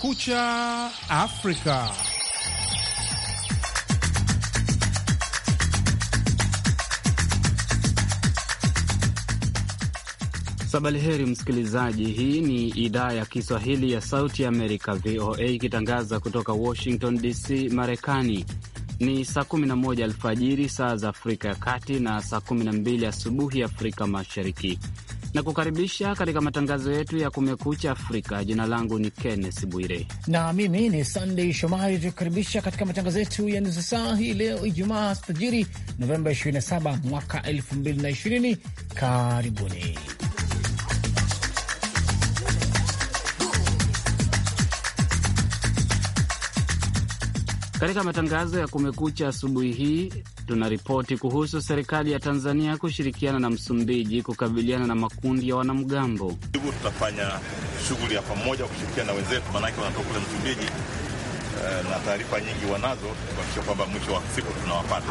Kumekucha Afrika. Sabali heri msikilizaji, hii ni idhaa ya Kiswahili ya Sauti Amerika, VOA, ikitangaza kutoka Washington DC, Marekani. Ni saa 11 alfajiri saa za Afrika ya Kati na saa 12 asubuhi Afrika Mashariki na kukaribisha katika matangazo yetu ya Kumekucha Afrika. Jina langu ni Kenneth Bwire na mimi ni sandey Shomari, tukikaribisha katika matangazo yetu ya nusu saa hii leo Ijumaa stajiri Novemba 27 mwaka 2020. Karibuni. Katika matangazo ya kumekucha asubuhi hii tunaripoti kuhusu serikali ya Tanzania kushirikiana na Msumbiji kukabiliana na makundi ya wanamgambo. Hivyo tutafanya shughuli ya pamoja kushirikiana na wenzetu, maanake wanatoka kule Msumbiji eh, na taarifa nyingi wanazo kuhakikisha kwamba mwisho wa siku tunawapata.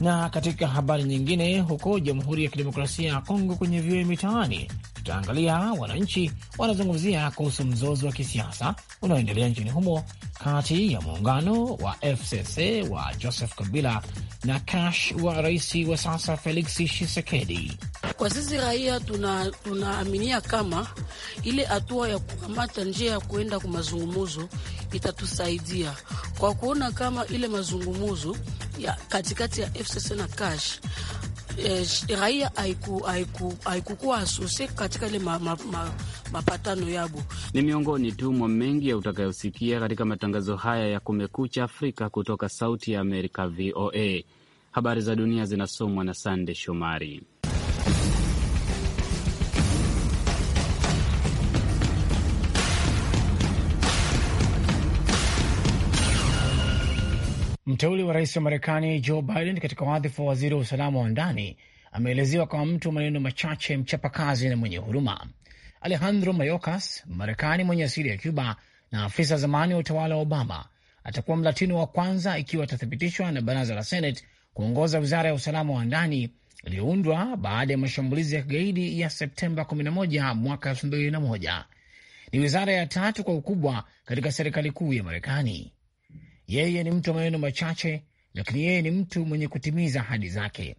Na katika habari nyingine, huko Jamhuri ya Kidemokrasia ya Kongo kwenye vioe mitaani tutaangalia wananchi wanazungumzia kuhusu mzozo wa kisiasa unaoendelea nchini humo kati ya muungano wa FCC wa Joseph Kabila na Kash wa rais wa sasa Felix Tshisekedi. Kwa sisi raia tunaaminia tuna kama ile hatua ya kukamata njia ya kuenda kwa mazungumuzo itatusaidia kwa kuona kama ile mazungumuzo ya katikati ya FCC na Kash eh, raia haikukuwa haiku, haiku asuse katika ile mapatano ma, ma, mapatano yabo. Ni miongoni tu mwa mengi ya utakayosikia katika matangazo haya ya Kumekucha Afrika kutoka Sauti ya Amerika, VOA. Habari za dunia zinasomwa na Sande Shomari. Mteuli wa rais wa Marekani Joe Biden katika wadhifa wa waziri wa usalama wa ndani ameelezewa kama mtu wa maneno machache, mchapakazi na mwenye huruma. Alejandro Mayorkas, Marekani mwenye asili ya Cuba na afisa zamani wa utawala wa Obama, atakuwa Mlatino wa kwanza, ikiwa atathibitishwa na baraza la Senate, kuongoza wizara ya usalama wa ndani iliyoundwa baada ya mashambulizi ya kigaidi ya Septemba 11 mwaka 2001. Ni wizara ya tatu kwa ukubwa katika serikali kuu ya Marekani. Yeye ni mtu wa maneno machache, lakini yeye ni mtu mwenye kutimiza ahadi zake,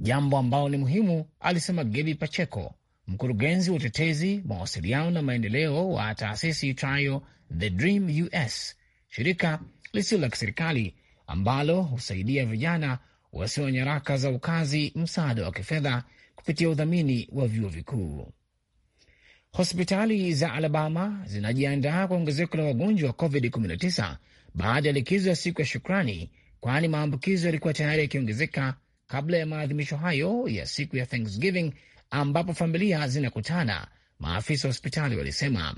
jambo ambalo ni muhimu, alisema Gebi Pacheco, mkurugenzi wa utetezi, mawasiliano na maendeleo wa taasisi itayo The Dream US, shirika lisilo la kiserikali ambalo husaidia vijana wasio na nyaraka za ukazi msaada wa kifedha kupitia udhamini wa vyuo vikuu. Hospitali za Alabama zinajiandaa kwa ongezeko la wagonjwa wa COVID-19 baada ya likizo ya siku ya Shukrani, kwani maambukizo yalikuwa tayari yakiongezeka kabla ya maadhimisho hayo ya siku ya Thanksgiving ambapo familia zinakutana, maafisa wa hospitali walisema.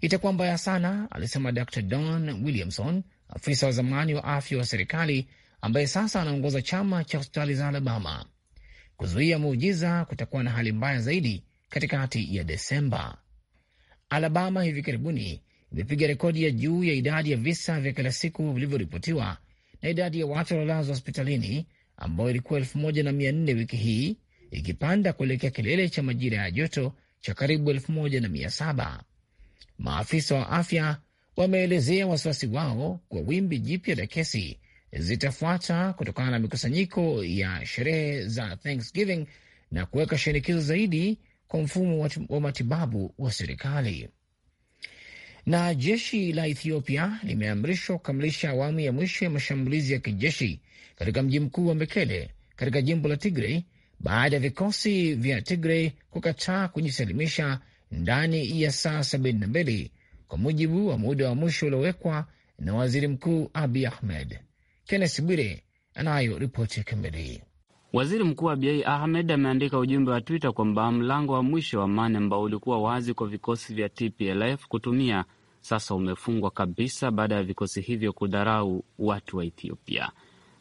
Itakuwa mbaya sana, alisema Dr Don Williamson, afisa wa zamani wa afya wa serikali ambaye sasa anaongoza chama cha hospitali za Alabama. Kuzuia muujiza, kutakuwa na hali mbaya zaidi katikati ya Desemba. Alabama hivi karibuni ilipiga rekodi ya juu ya idadi ya visa vya kila siku vilivyoripotiwa na idadi ya watu waliolazwa hospitalini ambayo ilikuwa elfu moja na mia nne wiki hii ikipanda kuelekea kilele cha majira ya joto cha karibu elfu moja na mia saba. Maafisa wa afya wameelezea wasiwasi wao kwa wimbi jipya la kesi zitafuata kutokana na mikusanyiko ya sherehe za Thanksgiving na kuweka shinikizo zaidi kwa mfumo wa matibabu wa serikali. Na jeshi la Ethiopia limeamrishwa kukamilisha awamu ya mwisho ya mashambulizi ya kijeshi katika mji mkuu wa Mekele katika jimbo la Tigrey baada ya vikosi vya Tigrey kukataa kujisalimisha ndani ya saa mbili kwa mujibu wa muda wa mwisho uliowekwa na waziri mkuu Abi Ahmed. Kennes Bwire anayo ripoti kamili. Waziri Mkuu Abiy Ahmed ameandika ujumbe wa Twitter kwamba mlango wa mwisho wa amani ambao ulikuwa wazi kwa vikosi vya TPLF kutumia sasa umefungwa kabisa baada ya vikosi hivyo kudharau watu wa Ethiopia.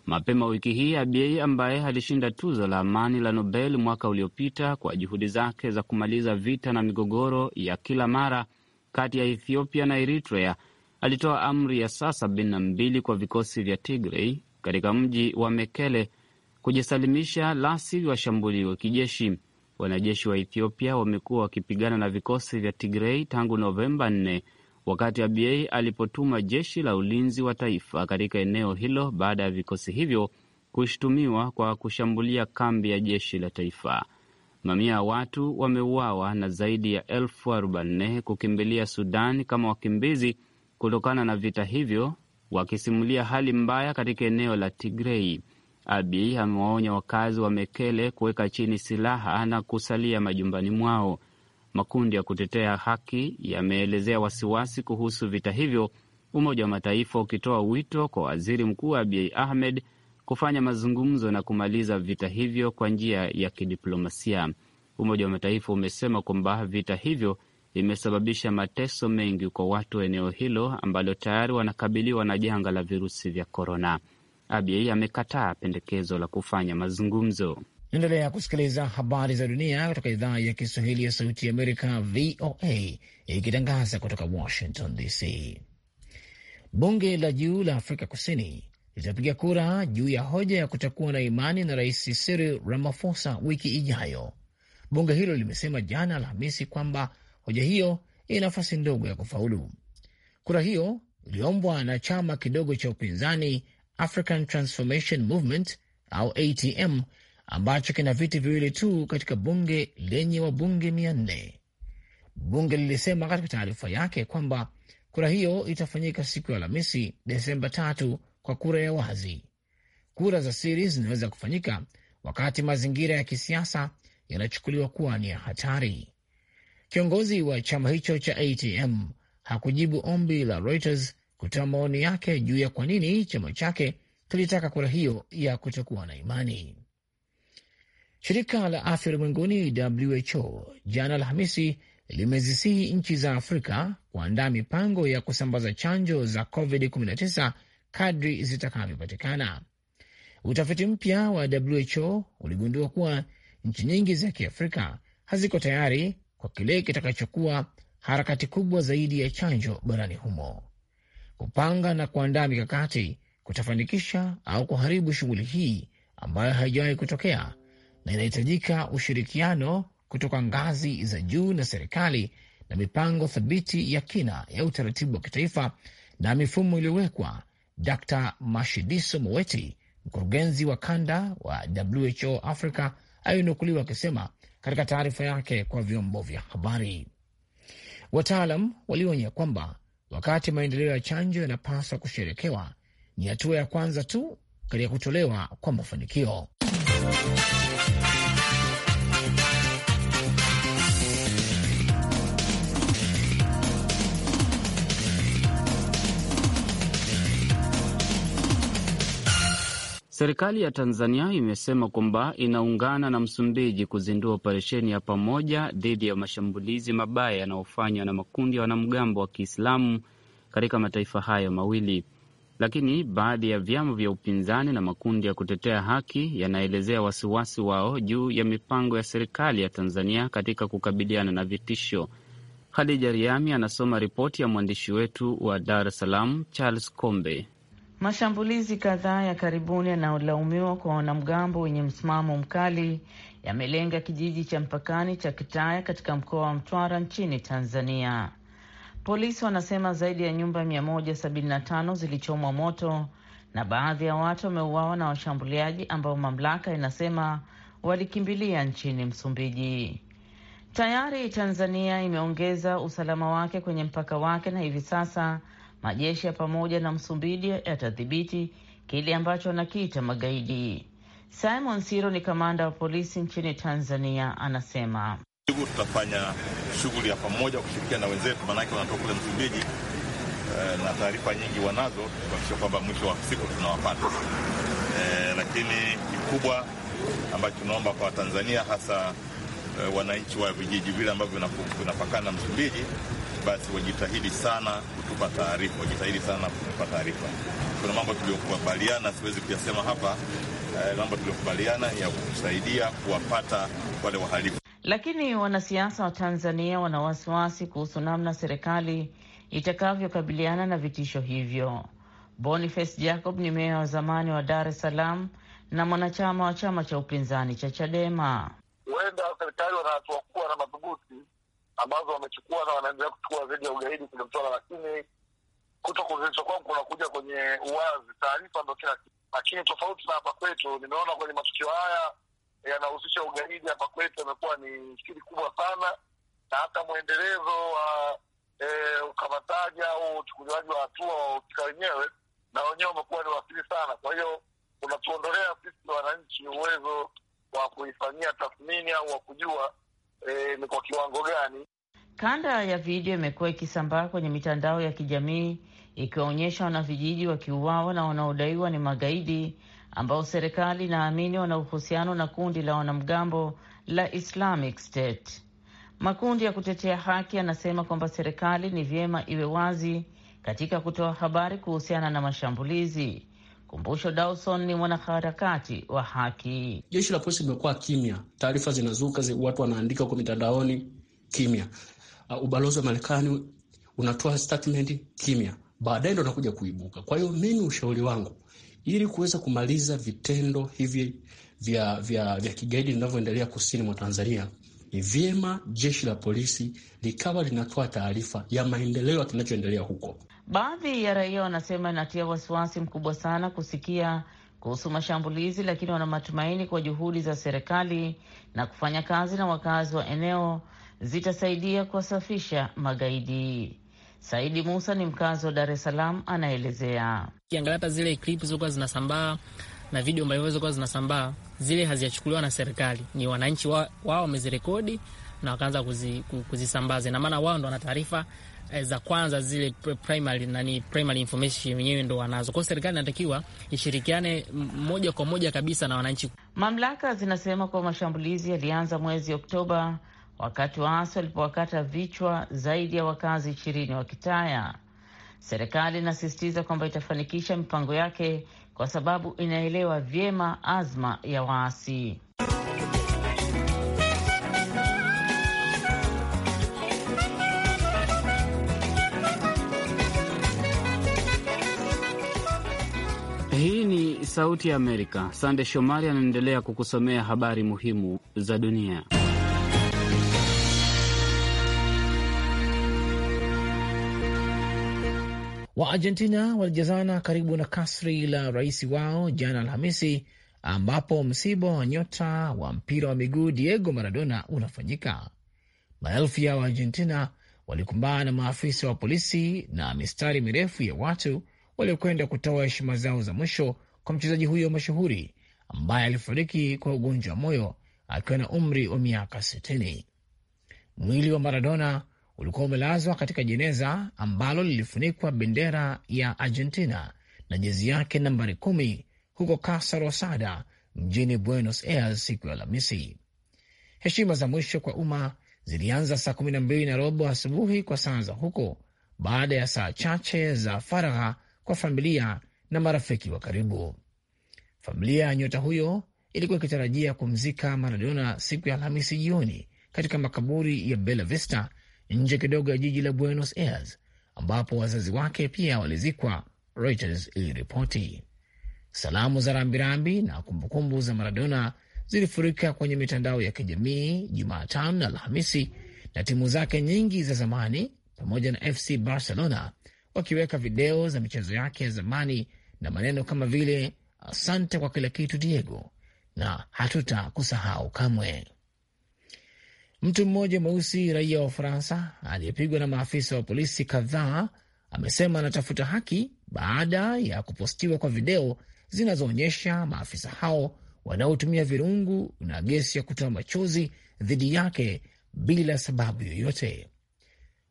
Mapema wiki hii, Abiy ambaye alishinda tuzo la amani la Nobel mwaka uliopita kwa juhudi zake za kumaliza vita na migogoro ya kila mara kati ya Ethiopia na Eritrea alitoa amri ya saa 72 kwa vikosi vya Tigray katika mji wa Mekele kujisalimisha, lasi washambuliwe kijeshi. Wanajeshi wa Ethiopia wamekuwa wakipigana na vikosi vya Tigrei tangu Novemba 4 wakati Abiy alipotuma jeshi la ulinzi wa taifa katika eneo hilo baada ya vikosi hivyo kushutumiwa kwa kushambulia kambi ya jeshi la taifa. Mamia ya watu wameuawa na zaidi ya elfu arobaini kukimbilia Sudan kama wakimbizi kutokana na vita hivyo, wakisimulia hali mbaya katika eneo la Tigrei. Abi amewaonya wakazi wa Mekele kuweka chini silaha na kusalia majumbani mwao. Makundi ya kutetea haki yameelezea wasiwasi kuhusu vita hivyo, Umoja wa Mataifa ukitoa wito kwa waziri mkuu Abiy Ahmed kufanya mazungumzo na kumaliza vita hivyo kwa njia ya kidiplomasia. Umoja wa Mataifa umesema kwamba vita hivyo vimesababisha mateso mengi kwa watu wa eneo hilo ambalo tayari wanakabiliwa na janga la virusi vya korona. Abiy amekataa pendekezo la kufanya mazungumzo. Naendelea kusikiliza habari za dunia kutoka idhaa ya Kiswahili ya Sauti ya Amerika, VOA, ikitangaza kutoka Washington DC. Bunge la juu la Afrika Kusini litapiga kura juu ya hoja ya kutakuwa na imani na Rais Cyril Ramaphosa wiki ijayo. Bunge hilo limesema jana Alhamisi kwamba hoja hiyo ina nafasi ndogo ya kufaulu. Kura hiyo iliombwa na chama kidogo cha upinzani African Transformation Movement au ATM ambacho kina viti viwili tu katika bunge lenye wabunge mia nne. Bunge lilisema katika taarifa yake kwamba kura hiyo itafanyika siku ya Alhamisi, Desemba tatu, kwa kura ya wazi. Kura za siri zinaweza kufanyika wakati mazingira ya kisiasa yanachukuliwa kuwa ni ya hatari. Kiongozi wa chama hicho cha ATM hakujibu ombi la Reuters kutoa maoni yake juu ya kwa nini chama chake kilitaka kura hiyo ya kutokuwa na imani. Shirika la afya ulimwenguni WHO jana Alhamisi limezisihi nchi za Afrika kuandaa mipango ya kusambaza chanjo za COVID-19 kadri zitakavyopatikana. Utafiti mpya wa WHO uligundua kuwa nchi nyingi za Kiafrika haziko tayari kwa kile kitakachokuwa harakati kubwa zaidi ya chanjo barani humo kupanga na kuandaa mikakati kutafanikisha au kuharibu shughuli hii ambayo haijawahi kutokea na inahitajika ushirikiano kutoka ngazi za juu na serikali na mipango thabiti ya kina ya utaratibu wa kitaifa na mifumo iliyowekwa. Dr Mashidiso Moweti, mkurugenzi wa kanda wa WHO Africa, alinukuliwa akisema katika taarifa yake kwa vyombo vya habari. Wataalam walionya kwamba Wakati maendeleo ya chanjo yanapaswa kusherekewa, ni hatua ya kwanza tu katika kutolewa kwa mafanikio. Serikali ya Tanzania imesema kwamba inaungana na Msumbiji kuzindua operesheni ya pamoja dhidi ya mashambulizi mabaya yanayofanywa na makundi ya wanamgambo wa Kiislamu katika mataifa hayo mawili, lakini baadhi ya vyama vya upinzani na makundi ya kutetea haki yanaelezea wasiwasi wao juu ya mipango ya serikali ya Tanzania katika kukabiliana na vitisho. Khadija Riami anasoma ripoti ya mwandishi wetu wa Dar es Salaam, Charles Kombe. Mashambulizi kadhaa ya karibuni yanayolaumiwa kwa wanamgambo wenye msimamo mkali yamelenga kijiji cha mpakani cha Kitaya katika mkoa wa Mtwara nchini Tanzania. Polisi wanasema zaidi ya nyumba 175 zilichomwa moto na baadhi ya watu wameuawa na washambuliaji ambao mamlaka inasema walikimbilia nchini Msumbiji. Tayari Tanzania imeongeza usalama wake kwenye mpaka wake na hivi sasa majeshi ya pamoja na Msumbiji yatadhibiti kile ambacho anakiita magaidi. Simon Siro ni kamanda wa polisi nchini Tanzania, anasema tutafanya shughuli ya pamoja kushirikiana na wenzetu, maanake wanatoka kule Msumbiji eh, na taarifa nyingi wanazo kuhakikisha kwamba mwisho wa siku tunawapata. E, lakini kikubwa ambacho tunaomba kwa Tanzania hasa e, wananchi wa vijiji vile ambavyo vinapakana na Msumbiji basi wajitahidi sana kutupa taarifa, wajitahidi sana kutupa taarifa. Kuna mambo tuliyokubaliana, siwezi kuyasema hapa eh, mambo tuliyokubaliana ya kusaidia kuwapata wale wahalifu. Lakini wanasiasa wa Tanzania wana wasiwasi kuhusu namna serikali itakavyokabiliana na vitisho hivyo. Boniface Jacob ni meya wa zamani wa Dar es Salaam na mwanachama wa chama cha upinzani cha Chadema. Huenda serikali wanatuakuwa na madhubuti ambazo wamechukua na wanaendelea kuchukua zaidi ya ugaidi kwenye mtwala, lakini kuto kuzilishwa kwangu kunakuja kwenye uwazi. Taarifa ndo kila kitu, lakini tofauti na hapa kwetu, nimeona kwenye matukio haya yanahusisha ugaidi hapa kwetu amekuwa ni shiri kubwa sana, na hata mwendelezo wa eh, ukamataji au uchukuliwaji wa hatua wahusika wenyewe na wenyewe wamekuwa ni wasiri sana. Kwa hiyo unatuondolea sisi wananchi uwezo wa kuifanyia tathmini au wa kujua eh, ni kwa kiwango gani. Kanda ya video imekuwa ikisambaa kwenye mitandao ya kijamii ikiwaonyesha wanavijiji wakiuawa na wanaodaiwa ni magaidi ambao serikali inaamini wana uhusiano na kundi la wanamgambo la Islamic State. Makundi ya kutetea haki yanasema kwamba serikali ni vyema iwe wazi katika kutoa habari kuhusiana na mashambulizi Kumbusho Dawson ni mwanaharakati wa haki. Jeshi la polisi limekuwa kimya, taarifa zinazuka zi, watu wanaandika kwa mitandaoni kimya. Uh, ubalozi wa Marekani unatoa statement kimya, baadaye ndo nakuja kuibuka. Kwa hiyo mimi ushauri wangu ili kuweza kumaliza vitendo hivi vya, vya, vya kigaidi vinavyoendelea kusini mwa Tanzania ni vyema jeshi la polisi likawa linatoa taarifa ya maendeleo kinachoendelea huko. Baadhi ya raia wanasema inatia wasiwasi mkubwa sana kusikia kuhusu mashambulizi, lakini wana matumaini kwa juhudi za serikali na kufanya kazi na wakazi wa eneo zitasaidia kuwasafisha magaidi. Saidi Musa ni mkazi wa Dar es Salaam, anaelezea. Ukiangalia hata zile klip zilizokuwa zinasambaa na video mbalimbali zilizokuwa zinasambaa, zile hazijachukuliwa na serikali, ni wananchi wao wamezirekodi wa na wakaanza kuzisambaza. Ina maana wao ndo wana taarifa eh, za kwanza zile primary, nani, primary information wenyewe ndo wanazo. Kwa serikali inatakiwa ishirikiane moja kwa moja kabisa na wananchi. Mamlaka zinasema kwa mashambulizi yalianza mwezi Oktoba wakati waasi walipowakata vichwa zaidi ya wakazi ishirini wa Kitaya. Serikali inasisitiza kwamba itafanikisha mipango yake kwa sababu inaelewa vyema azma ya waasi. Sauti ya Amerika. Sande Shomari anaendelea kukusomea habari muhimu za dunia. wa argentina walijazana karibu na kasri la rais wao jana Alhamisi, ambapo msiba wa nyota wa mpira wa miguu Diego Maradona unafanyika. Maelfu ya Waargentina walikumbana na maafisa wa polisi na mistari mirefu ya watu waliokwenda kutoa heshima zao za mwisho kwa mchezaji huyo mashuhuri ambaye alifariki kwa ugonjwa wa moyo akiwa na umri wa miaka 60. Mwili wa Maradona ulikuwa umelazwa katika jeneza ambalo lilifunikwa bendera ya Argentina na jezi yake nambari kumi huko Casa Rosada mjini Buenos Aires siku ya Alhamisi. Heshima za mwisho kwa umma zilianza saa kumi na mbili na robo asubuhi kwa saa za huko, baada ya saa chache za faragha kwa familia na marafiki wa karibu. Familia ya nyota huyo ilikuwa ikitarajia kumzika Maradona siku ya Alhamisi jioni katika makaburi ya Bela Vista nje kidogo ya jiji la Buenos Aires ambapo wazazi wake pia walizikwa, Reuters iliripoti. Salamu za rambirambi na kumbukumbu za Maradona zilifurika kwenye mitandao ya kijamii Jumatano na Alhamisi, na timu zake nyingi za zamani pamoja na FC Barcelona wakiweka video za michezo yake ya zamani na maneno kama vile asante kwa kila kitu Diego, na hatuta kusahau kamwe. Mtu mmoja mweusi raia wa Ufaransa aliyepigwa na maafisa wa polisi kadhaa amesema anatafuta haki baada ya kupostiwa kwa video zinazoonyesha maafisa hao wanaotumia virungu na gesi ya kutoa machozi dhidi yake bila sababu yoyote.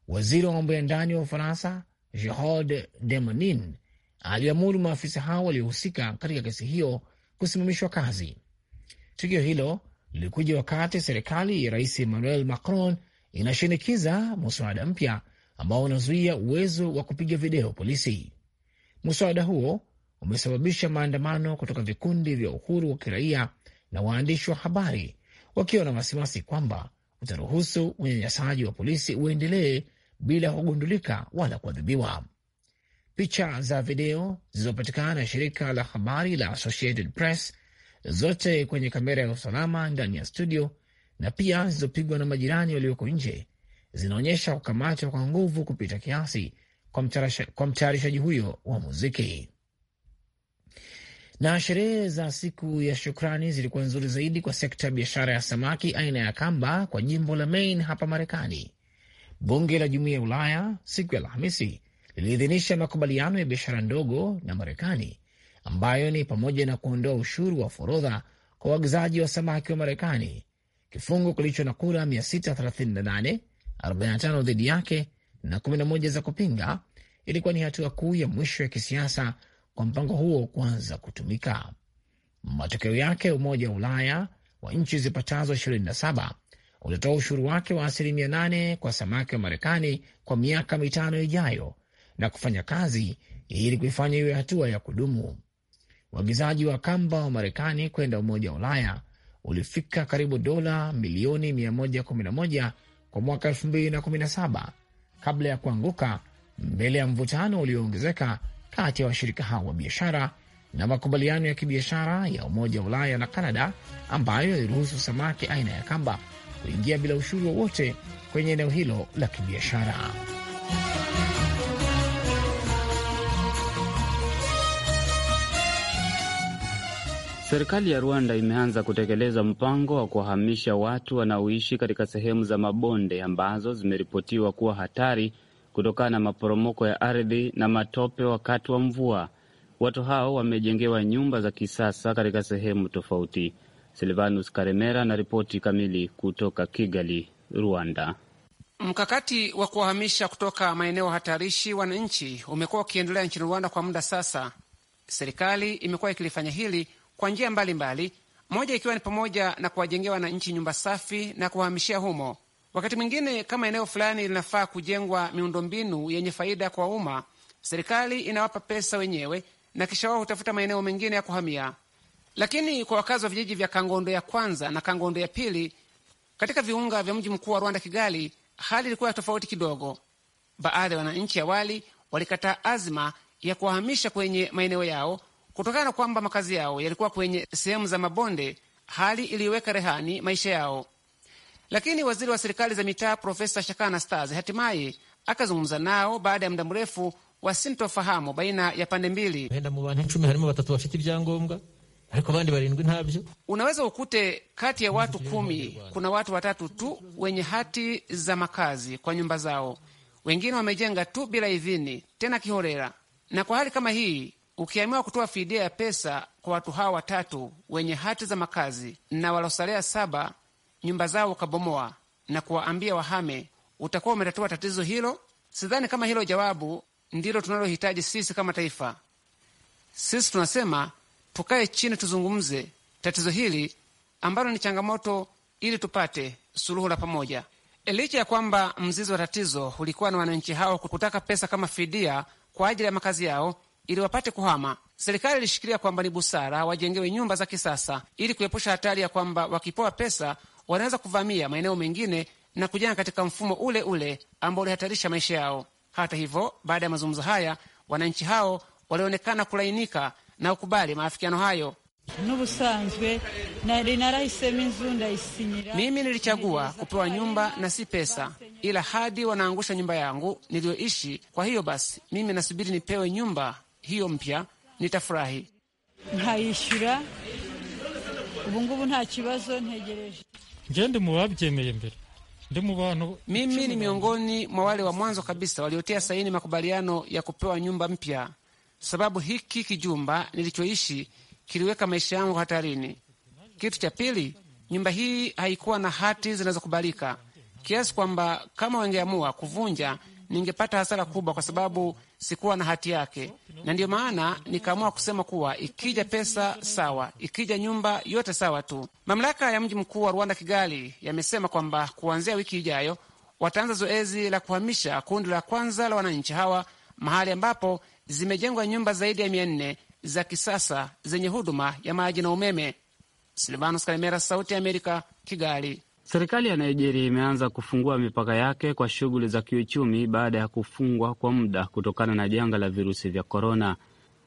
Waziri wa mambo ya ndani wa Ufaransa Gerald Damanin aliamuru maafisa hao waliohusika katika kesi hiyo kusimamishwa kazi. Tukio hilo lilikuja wakati serikali ya rais Emmanuel Macron inashinikiza muswada mpya ambao unazuia uwezo wa kupiga video polisi. Muswada huo umesababisha maandamano kutoka vikundi vya uhuru wa kiraia na waandishi wa habari wakiwa na wasiwasi kwamba utaruhusu unyanyasaji wa polisi uendelee bila kugundulika wala kuadhibiwa. Picha za video zilizopatikana na shirika la habari la Associated Press, zote kwenye kamera ya usalama ndani ya studio na pia zilizopigwa na majirani walioko nje, zinaonyesha kukamatwa kwa nguvu kupita kiasi kwa mtayarishaji huyo wa muziki. Na sherehe za siku ya shukrani zilikuwa nzuri zaidi kwa sekta ya biashara ya samaki aina ya kamba kwa jimbo la Maine hapa Marekani. Bunge la Jumuiya ya Ulaya siku ya Alhamisi liliidhinisha makubaliano ya biashara ndogo na Marekani ambayo ni pamoja na kuondoa ushuru wa forodha kwa uagizaji wa samaki wa Marekani, kifungu kilicho na kura 638, 45 dhidi yake na 11 za kupinga. Ilikuwa ni hatua kuu ya mwisho ya kisiasa kwa mpango huo kuanza kutumika. Matokeo yake, Umoja wa Ulaya wa nchi zipatazo 27 utatoa ushuru wake wa asilimia 8 kwa samaki wa Marekani kwa miaka mitano ijayo na kufanya kazi ili kuifanya iwe hatua ya kudumu. Uagizaji wa kamba wa Marekani kwenda Umoja wa Ulaya ulifika karibu dola milioni 111 kwa mwaka 2017 kabla ya kuanguka mbele ya mvutano ulioongezeka kati ya washirika hao wa biashara na makubaliano ya kibiashara ya Umoja wa Ulaya na Kanada ambayo yaliruhusu samaki aina ya kamba kuingia bila ushuru wowote kwenye eneo hilo la kibiashara. Serikali ya Rwanda imeanza kutekeleza mpango wa kuwahamisha watu wanaoishi katika sehemu za mabonde ambazo zimeripotiwa kuwa hatari kutokana na maporomoko ya ardhi na matope wakati wa mvua. Watu hao wamejengewa nyumba za kisasa katika sehemu tofauti. Silvanus Karemera na ripoti kamili kutoka Kigali, Rwanda. Mkakati wa kuwahamisha kutoka maeneo hatarishi wananchi umekuwa ukiendelea nchini Rwanda kwa muda sasa. Serikali imekuwa ikilifanya hili kwa njia mbalimbali, moja ikiwa ni pamoja na kuwajengea wananchi nyumba safi na kuwahamishia humo. Wakati mwingine, kama eneo fulani linafaa kujengwa miundombinu yenye faida kwa umma, serikali inawapa pesa wenyewe na kisha wao hutafuta maeneo mengine ya kuhamia. Lakini kwa wakazi wa vijiji vya Kangondo ya kwanza na Kangondo ya pili katika viunga vya mji mkuu wa Rwanda, Kigali, hali ilikuwa ya tofauti kidogo. Baadhi ya wananchi awali walikataa azma ya kuwahamisha kwenye maeneo yao Kutokana na kwamba makazi yao yalikuwa kwenye sehemu za mabonde, hali iliweka rehani maisha yao. Lakini waziri wa serikali za mitaa Profesa Shakana Stars hatimaye akazungumza nao baada ya muda mrefu wa sintofahamu baina ya pande mbili. Unaweza ukute kati ya watu kumi kuna watu watatu tu wenye hati za makazi kwa nyumba zao, wengine wamejenga tu bila idhini, tena kiholela. Na kwa hali kama hii Ukiamua kutoa fidia ya pesa kwa watu hawa watatu wenye hati za makazi na walosalea saba, nyumba zao ukabomoa na kuwaambia wahame, utakuwa umetatua tatizo hilo? Sidhani kama hilo jawabu ndilo tunalohitaji sisi kama taifa. Sisi tunasema tukae chini, tuzungumze tatizo hili ambalo ni changamoto, ili tupate suluhu la pamoja. Licha ya kwamba mzizi wa tatizo ulikuwa na wananchi hao kutaka pesa kama fidia kwa ajili ya makazi yao ili wapate kuhama. Serikali ilishikilia kwamba ni busara wajengewe nyumba za kisasa ili kuepusha hatari ya kwamba wakipewa pesa wanaweza kuvamia maeneo mengine na kujenga katika mfumo ule ule ambao ulihatarisha maisha yao. Hata hivyo, baada ya mazungumzo haya, wananchi hao walionekana kulainika na kukubali maafikiano hayo. Mimi nilichagua kupewa nyumba na si pesa, ila hadi wanaangusha nyumba yangu niliyoishi. Kwa hiyo basi, mimi nasubiri nipewe nyumba hiyo mpya nitafurahi. Nkayishyura ubungubu nta kibazo ntegereje. Je, ndi mu babyemeye mbere ndi Mimi ni miongoni mwa wale wa mwanzo kabisa waliotia saini makubaliano ya kupewa nyumba mpya, sababu hiki kijumba nilichoishi kiliweka maisha yangu hatarini. Kitu cha pili, nyumba hii haikuwa na hati zinazokubalika kiasi kwamba kama wangeamua kuvunja ningepata hasara kubwa, kwa sababu sikuwa na hati yake, na ndiyo maana nikaamua kusema kuwa ikija pesa sawa, ikija nyumba yote sawa tu. Mamlaka ya mji mkuu wa Rwanda, Kigali, yamesema kwamba kuanzia wiki ijayo wataanza zoezi la kuhamisha kundi la kwanza la wananchi hawa mahali ambapo zimejengwa nyumba zaidi ya mia nne za kisasa zenye huduma ya maji na umeme. Silvanos Kalemera, Sauti ya Amerika, Kigali. Serikali ya Nigeria imeanza kufungua mipaka yake kwa shughuli za kiuchumi baada ya kufungwa kwa muda kutokana na janga la virusi vya korona.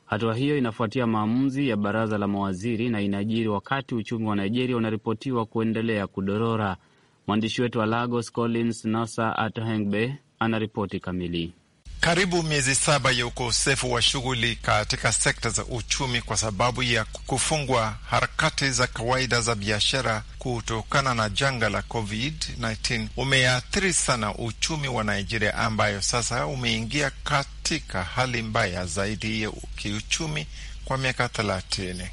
Hatua hiyo inafuatia maamuzi ya baraza la mawaziri na inajiri wakati uchumi wa Nigeria unaripotiwa kuendelea kudorora. Mwandishi wetu wa Lagos, Collins Nosa Atohengbe, anaripoti kamili. Karibu miezi saba ya ukosefu wa shughuli katika sekta za uchumi kwa sababu ya kufungwa harakati za kawaida za biashara kutokana na janga la COVID-19 umeathiri sana uchumi wa Nigeria ambayo sasa umeingia katika hali mbaya zaidi ya kiuchumi kwa miaka thelathini.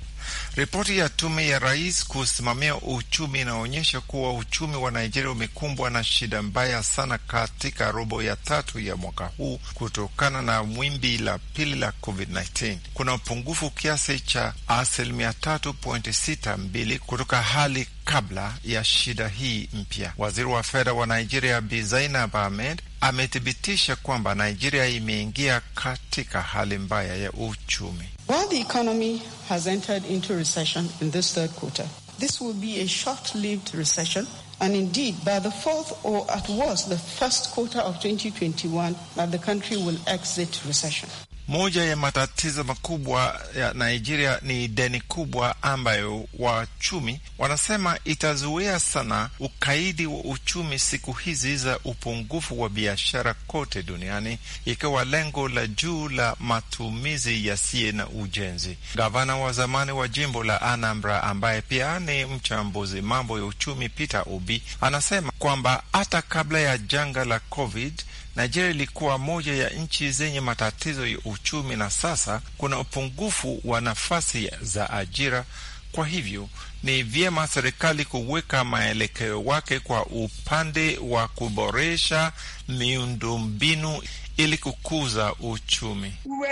Ripoti ya tume ya rais kusimamia uchumi inaonyesha kuwa uchumi wa Nigeria umekumbwa na shida mbaya sana katika robo ya tatu ya mwaka huu kutokana na mwimbi la pili la COVID-19. Kuna upungufu kiasi cha asilimia tatu pointi sita mbili kutoka hali kabla ya shida hii mpya. Waziri wa fedha wa Nigeria Bi Zainab Ahmed amethibitisha kwamba Nigeria imeingia katika hali mbaya ya uchumi. While the economy has entered into recession in this third quarter, this will be a short-lived recession and indeed by the fourth or at worst the first quarter of 2021 that the country will exit recession. Moja ya matatizo makubwa ya Nigeria ni deni kubwa ambayo wachumi wanasema itazuia sana ukaidi wa uchumi siku hizi za upungufu wa biashara kote duniani, ikiwa lengo la juu la matumizi yasiye na ujenzi. Gavana wa zamani wa jimbo la Anambra ambaye pia ni mchambuzi mambo ya uchumi, Peter Obi anasema kwamba hata kabla ya janga la COVID Nigeria ilikuwa moja ya nchi zenye matatizo ya uchumi, na sasa kuna upungufu wa nafasi za ajira. Kwa hivyo ni vyema serikali kuweka maelekeo wake kwa upande wa kuboresha miundombinu ili kukuza uchumi. Uh,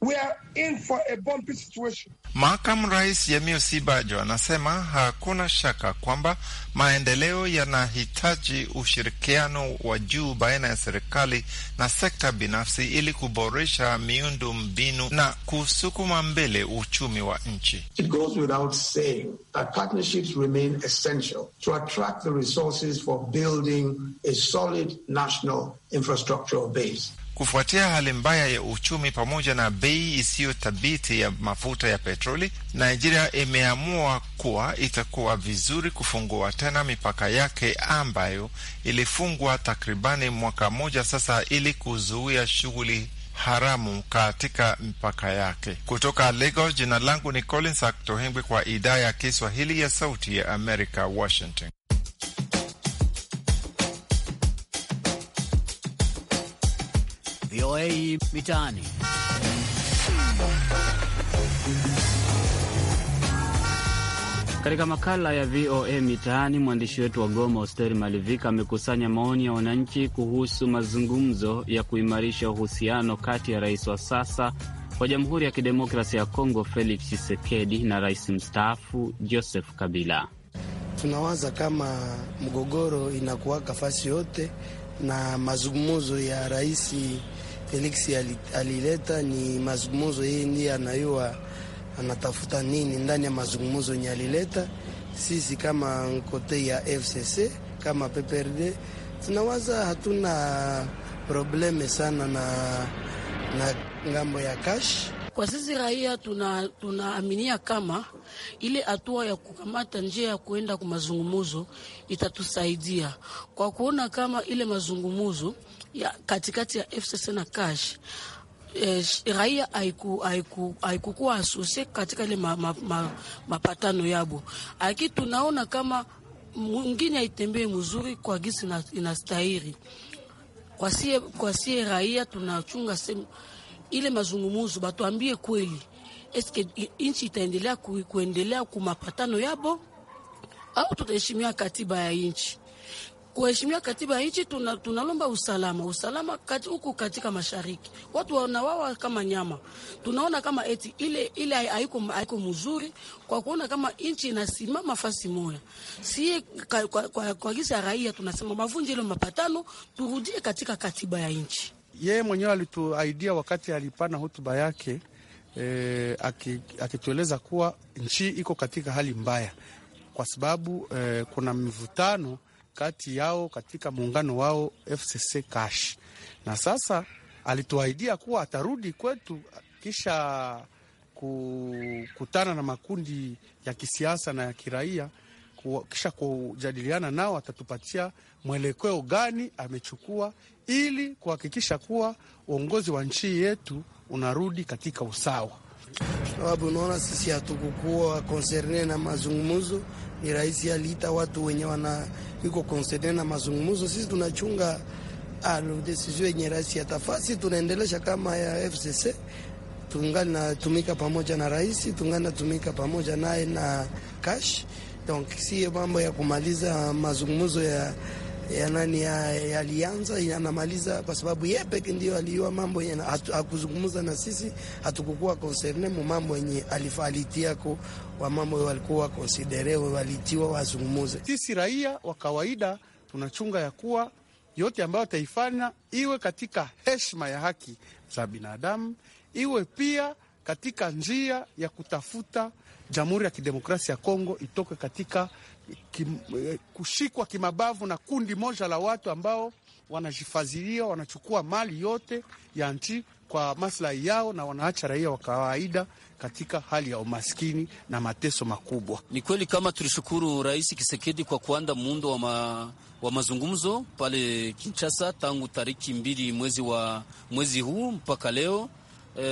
We are in for a bumpy situation. Makamu Rais Yemi Osibajo anasema hakuna shaka kwamba maendeleo yanahitaji ushirikiano wa juu baina ya serikali na sekta binafsi ili kuboresha miundo mbinu na kusukuma mbele uchumi wa nchi. It goes without saying that partnerships remain essential to attract the resources for building a solid national infrastructural base kufuatia hali mbaya ya uchumi pamoja na bei isiyo thabiti ya mafuta ya petroli, Nigeria imeamua kuwa itakuwa vizuri kufungua tena mipaka yake ambayo ilifungwa takribani mwaka mmoja sasa, ili kuzuia shughuli haramu katika mipaka yake. Kutoka Lagos, jina langu ni Collins Atohengwi kwa idhaa ya Kiswahili ya Sauti ya Amerika, Washington. VOA Mitaani. Katika makala ya VOA Mitaani, mwandishi wetu wa Goma, Hosteri Malivika, amekusanya maoni ya wananchi kuhusu mazungumzo ya kuimarisha uhusiano kati ya rais wa sasa wa Jamhuri ya Kidemokrasia ya Kongo Felix Tshisekedi na rais mstaafu Joseph Kabila. Tunawaza kama mgogoro inakuwaka fasi yote na mazungumzo ya raisi Felix alileta ni mazungumzo, yeye ndiye anayua anatafuta nini ndani ya mazungumzo yenye alileta. Sisi kama kote ya FCC kama PPRD tunawaza hatuna probleme sana na, na ngambo ya kash kwa sisi raia tunaaminia tuna kama ile hatua ya kukamata njia ya kuenda kwa mazungumuzo itatusaidia kwa kuona kama ile mazungumuzo ya katikati ya FCC na Kash eh, raia haikukuwa asose katika ile mapatano ma, ma, yabo, aki tunaona kama mwingine aitembee mzuri kwa gisi inastahiri kwa sie, kwa sie raia tunachunga semu, ile mazungumuzo batuambie kweli, eske inchi itaendelea ku, kuendelea kumapatano yabo au tutaheshimia katiba ya nchi kuheshimia katiba ya nchi, tunalomba tuna usalama, usalama huku katika mashariki watu wanawawa kama nyama. Tunaona kama eti ile ile haiko haiko mzuri kwa kuona kama nchi inasimama fasi moya, si kwa, kwa, kwa, kwa gisi ya raia. Tunasema mavunje ile mapatano, turudie katika katiba ya nchi. Yeye mwenyewe alituaidia wakati alipana hotuba yake eh, akitueleza aki kuwa nchi iko katika hali mbaya kwa sababu eh, kuna mivutano kati yao katika muungano wao FCC Cash, na sasa alituahidia kuwa atarudi kwetu kisha kukutana na makundi ya kisiasa na ya kiraia kisha kujadiliana nao, atatupatia mwelekeo gani amechukua ili kuhakikisha kuwa uongozi wa nchi yetu unarudi katika usawa sababu unaona sisi hatukukuwa konserne na mazungumzo. Ni rais aliita watu wenye wana yuko konserne na mazungumzo, sisi tunachunga ah, desizio yenye rahisi ya tafasi tunaendelesha kama ya FCC, tungali natumika pamoja na rais, tungali natumika pamoja naye na cash. Donc si mambo ya kumaliza mazungumzo ya ya nani yalianza ya yanamaliza, kwa sababu yeye peke ndio aliua mambo yenye hakuzungumza na sisi, hatukukua concerne mu mambo yenye ko wa mambo walikuwa considere walitiwa wazungumuze. Sisi raia wa kawaida tunachunga ya kuwa yote ambayo ataifanya iwe katika heshima ya haki za binadamu, iwe pia katika njia ya kutafuta Jamhuri ya Kidemokrasia ya Kongo itoke katika kim, eh, kushikwa kimabavu na kundi moja la watu ambao wanajifadhilia, wanachukua mali yote ya nchi kwa maslahi yao na wanaacha raia wa kawaida katika hali ya umaskini na mateso makubwa. Ni kweli kama tulishukuru Rais Kisekedi kwa kuanda muundo wa, ma, wa mazungumzo pale Kinshasa tangu tariki mbili mwezi wa mwezi huu mpaka leo e,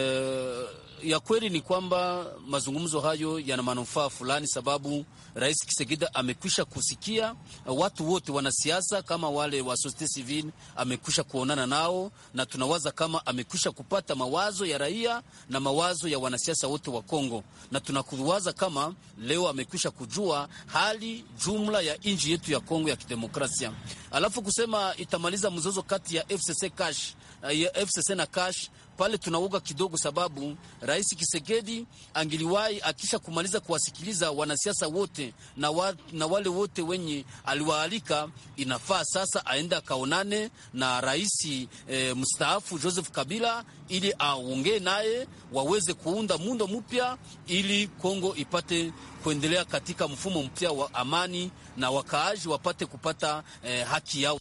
ya kweli ni kwamba mazungumzo hayo yana manufaa fulani, sababu Rais Kisegida amekwisha kusikia eh, watu wote, wanasiasa kama wale wa societe civile, amekwisha kuonana nao, na tunawaza kama amekwisha kupata mawazo ya raia na mawazo ya wanasiasa wote wa Kongo, na tunakuwaza kama leo amekwisha kujua hali jumla ya nchi yetu ya Kongo ya kidemokrasia, alafu kusema itamaliza mzozo kati ya FCC Cash, eh, ya FCC na Cash pale tunauga kidogo, sababu Rais Kisekedi angiliwahi akisha kumaliza kuwasikiliza wanasiasa wote na, wa, na wale wote wenye aliwaalika, inafaa sasa aende akaonane na rais e, mstaafu Joseph Kabila ili aongee naye waweze kuunda muundo mpya ili Kongo ipate kuendelea katika mfumo mpya wa amani na wakaaji wapate kupata e, haki yao.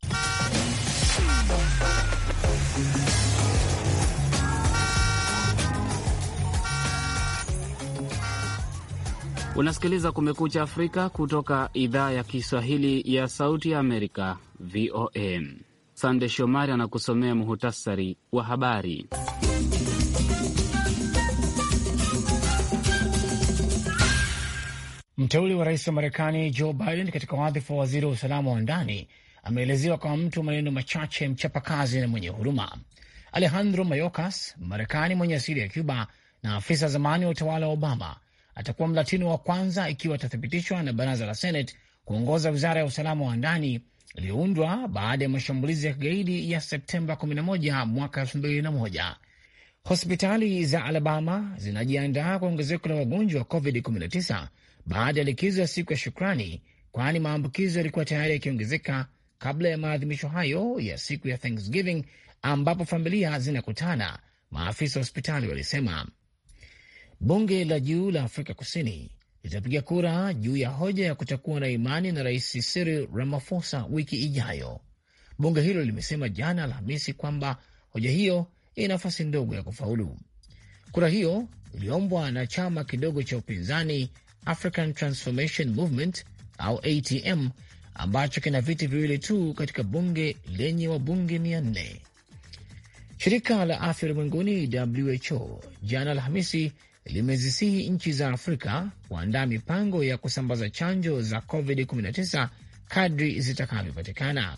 Unasikiliza Kumekucha Afrika kutoka idhaa ya Kiswahili ya Sauti ya Amerika, VOA. Sande Shomari anakusomea muhutasari wa habari. mteuli wa rais wa Marekani Joe Biden katika wadhifa wa waziri wa usalama wa ndani ameelezewa kama mtu wa maneno machache, mchapakazi na mwenye huruma. Alejandro Mayorkas, Marekani mwenye asili ya Cuba na afisa zamani wa utawala wa Obama atakuwa Mlatino wa kwanza ikiwa atathibitishwa na baraza la Senate kuongoza wizara ya usalama wa ndani iliyoundwa baada ya mashambulizi ya kigaidi ya Septemba 11 mwaka 2001. Hospitali za Alabama zinajiandaa kwa ongezeko la wagonjwa wa COVID-19 baada ya likizo ya siku ya shukrani, kwani maambukizo yalikuwa tayari yakiongezeka kabla ya maadhimisho hayo ya siku ya Thanksgiving ambapo familia zinakutana, maafisa wa hospitali walisema. Bunge la juu la Afrika Kusini litapiga kura juu ya hoja ya kutokuwa na imani na Rais Cyril Ramaphosa wiki ijayo. Bunge hilo limesema jana Alhamisi kwamba hoja hiyo ina nafasi ndogo ya kufaulu. Kura hiyo iliombwa na chama kidogo cha upinzani African Transformation Movement au ATM ambacho kina viti viwili tu katika bunge lenye wabunge mia nne. Shirika la afya ulimwenguni WHO jana Alhamisi limezisihi nchi za Afrika kuandaa mipango ya kusambaza chanjo za COVID-19 kadri zitakavyopatikana.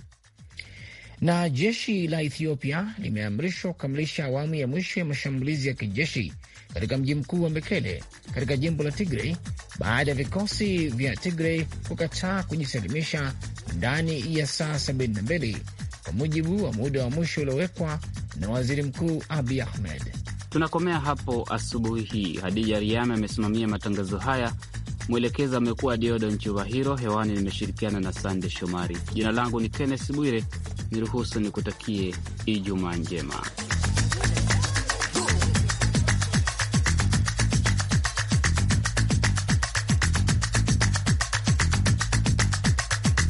Na jeshi la Ethiopia limeamrishwa kukamilisha awamu ya mwisho ya mashambulizi ya kijeshi katika mji mkuu wa Mekele katika jimbo la Tigrey baada ya vikosi vya Tigrey kukataa kujisalimisha ndani ya saa 72 kwa mujibu wa muda wa mwisho uliowekwa na waziri mkuu Abiy Ahmed. Tunakomea hapo asubuhi hii. Hadija Riame amesimamia matangazo haya, mwelekezi amekuwa diodo Chubahiro. Hewani nimeshirikiana na Sande Shomari. Jina langu ni Kennes Bwire, niruhusu nikutakie Ijumaa njema.